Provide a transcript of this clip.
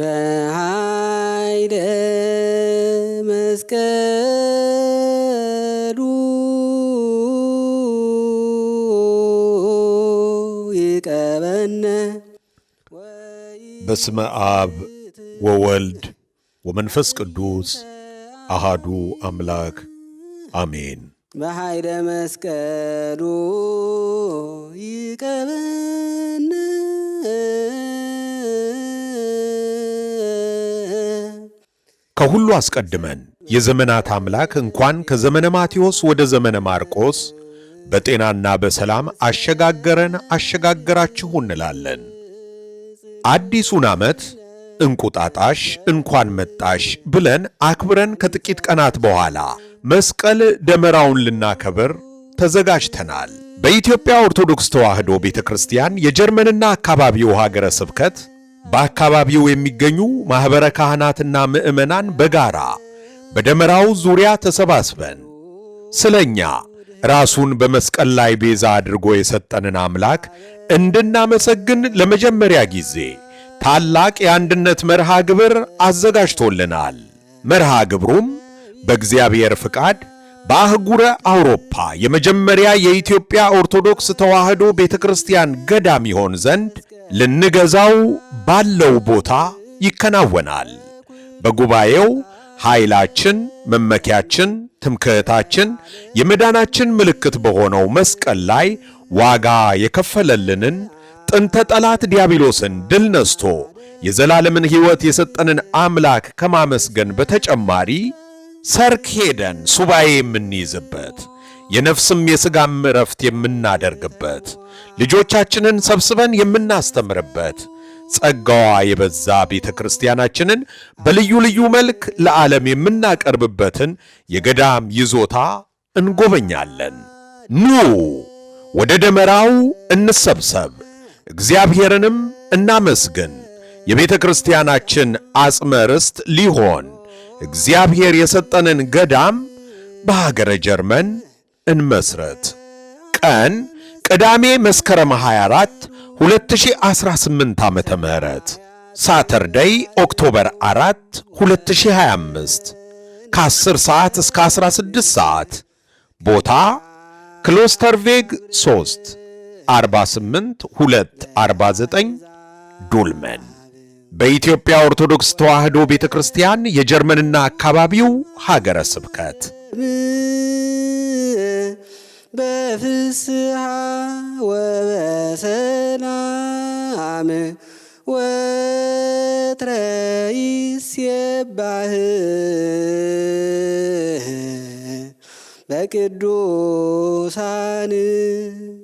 በኃይለ መስቀሉ ይቀበነ በስመ አብ ወወልድ ወመንፈስ ቅዱስ አሃዱ አምላክ አሜን። በኃይለ መስቀሉ ከሁሉ አስቀድመን የዘመናት አምላክ እንኳን ከዘመነ ማቴዎስ ወደ ዘመነ ማርቆስ በጤናና በሰላም አሸጋገረን አሸጋገራችሁ እንላለን። አዲሱን ዓመት እንቁጣጣሽ እንኳን መጣሽ ብለን አክብረን ከጥቂት ቀናት በኋላ መስቀል ደመራውን ልናከብር ተዘጋጅተናል። በኢትዮጵያ ኦርቶዶክስ ተዋሕዶ ቤተ ክርስቲያን የጀርመንና አካባቢው ሀገረ ስብከት በአካባቢው የሚገኙ ማኅበረ ካህናትና ምዕመናን በጋራ በደመራው ዙሪያ ተሰባስበን ስለኛ ራሱን በመስቀል ላይ ቤዛ አድርጎ የሰጠንን አምላክ እንድናመሰግን ለመጀመሪያ ጊዜ ታላቅ የአንድነት መርሃ ግብር አዘጋጅቶልናል። መርሃ ግብሩም በእግዚአብሔር ፍቃድ በአህጉረ አውሮፓ የመጀመሪያ የኢትዮጵያ ኦርቶዶክስ ተዋሕዶ ቤተ ክርስቲያን ገዳም ይሆን ዘንድ ልንገዛው ባለው ቦታ ይከናወናል። በጉባኤው ኃይላችን፣ መመኪያችን፣ ትምክህታችን፣ የመዳናችን ምልክት በሆነው መስቀል ላይ ዋጋ የከፈለልንን ጥንተ ጠላት ዲያብሎስን ድል ነስቶ የዘላለምን ሕይወት የሰጠንን አምላክ ከማመስገን በተጨማሪ ሰርክ ሄደን ሱባኤ የምንይዝበት የነፍስም የሥጋም እረፍት የምናደርግበት ልጆቻችንን ሰብስበን የምናስተምርበት ጸጋዋ የበዛ ቤተ ክርስቲያናችንን በልዩ ልዩ መልክ ለዓለም የምናቀርብበትን የገዳም ይዞታ እንጎበኛለን። ኑ ወደ ደመራው እንሰብሰብ፣ እግዚአብሔርንም እናመስግን። የቤተ ክርስቲያናችን አጽመ ርስት ሊሆን እግዚአብሔር የሰጠንን ገዳም በሀገረ ጀርመን እንመስረት። ቀን ቅዳሜ መስከረም 24 2018 ዓመተ ምህረት ሳተርደይ ኦክቶበር 4 2025 ከ10 ሰዓት እስከ 16 ሰዓት ቦታ ክሎስተርቬግ 3 48 49 ዱልመን በኢትዮጵያ ኦርቶዶክስ ተዋሕዶ ቤተ ክርስቲያን የጀርመንና አካባቢው ሀገረ ስብከት በፍስሐ ወበሰላም ወትረይስ የባህ በቅዱሳን